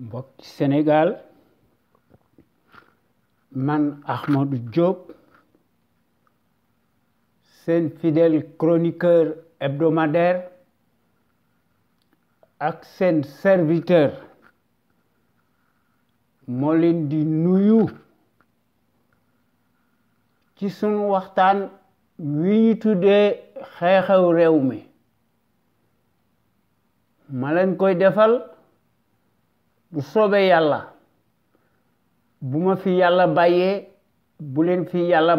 mbokk Sénégal man Ahmadou Diop seen fidèle chroniqueur hebdomadaire ak seen serviteur moo leen di nuyu ci sunu waxtaan wi ñu tuddee xew réew mi ma leen koy defal Vous Yalla. allah. bu me fi Yalla Baye. bu fi Yalla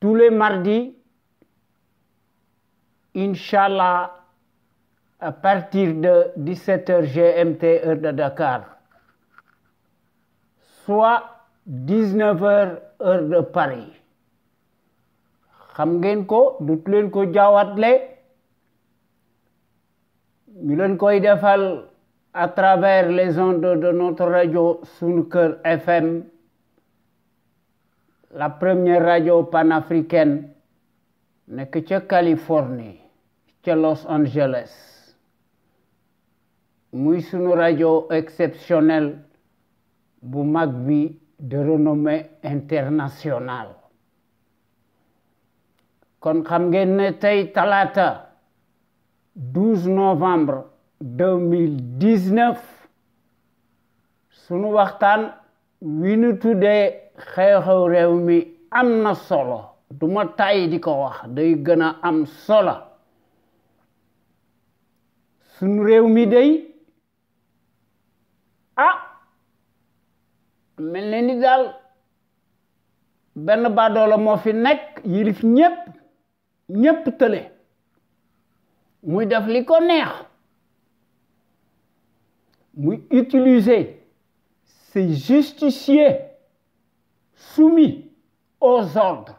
tous les mardis Inch'Allah à partir de 17h GMT heure de Dakar soit 19h heure de Paris Vous ko ñu leen koy à travers les ondes de notre radio Sunker FM la première radio panafricaine que en Californie ca Los Angeles sommes une radio exceptionnelle bu de renommée internationale kon 12 novembre 2019 sunu waxtan winu tudé tuddee xew amna solo du ma diko wax day gëna am solo sunu réew day ah melni na ni daal benn baadoola moo fi nek yirif ñepp ñepp tële nous devons li connaître, nous utiliser ces justiciers soumis aux ordres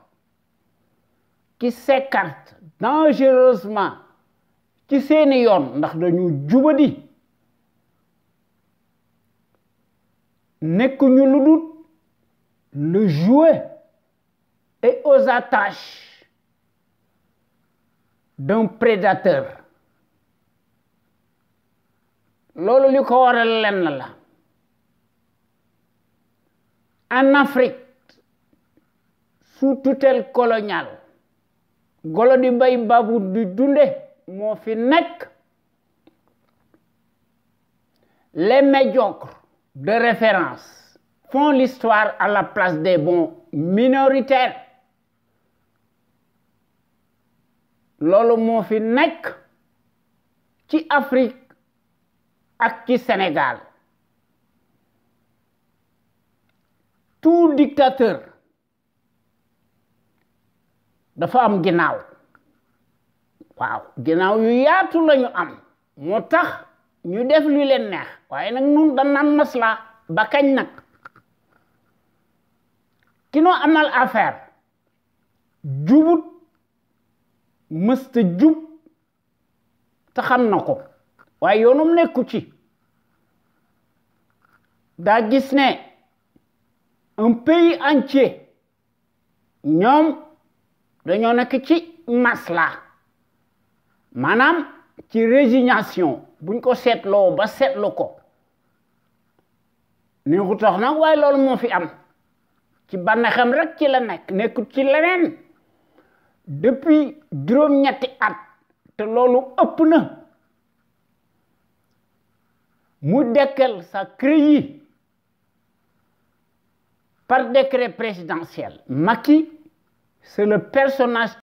qui s'écartent dangereusement qui s'éloignent yoon ndax dañu jubadi que ñu lu le jouet et aux attaches d'un prédateur en Afrique sous tutelle coloniale babu les médiocres de référence font l'histoire à la place des bons minoritaires lolu mo fi nek ci Afrique ak ci senegal tout dictateur dafa am ginaaw waaw ginaaw yu yaatu lañu am motax ñu def lu leen neex waaye nag nun da naan masla ba kañ nag kino amal affaire jubut mësta jub te xam ko waaye yoonum nekku ci un pays entier ñoom dañoo nekk ci masla maanaam ci résignation buñ ko seetloo ba seetlu ko ni ku tax nag waaye loolu am ci ne rek ci la nekk ne ci leneen depuis juróom-ñetti at te lolu ëpp na par décret présidentiel Maki, c'est le personnage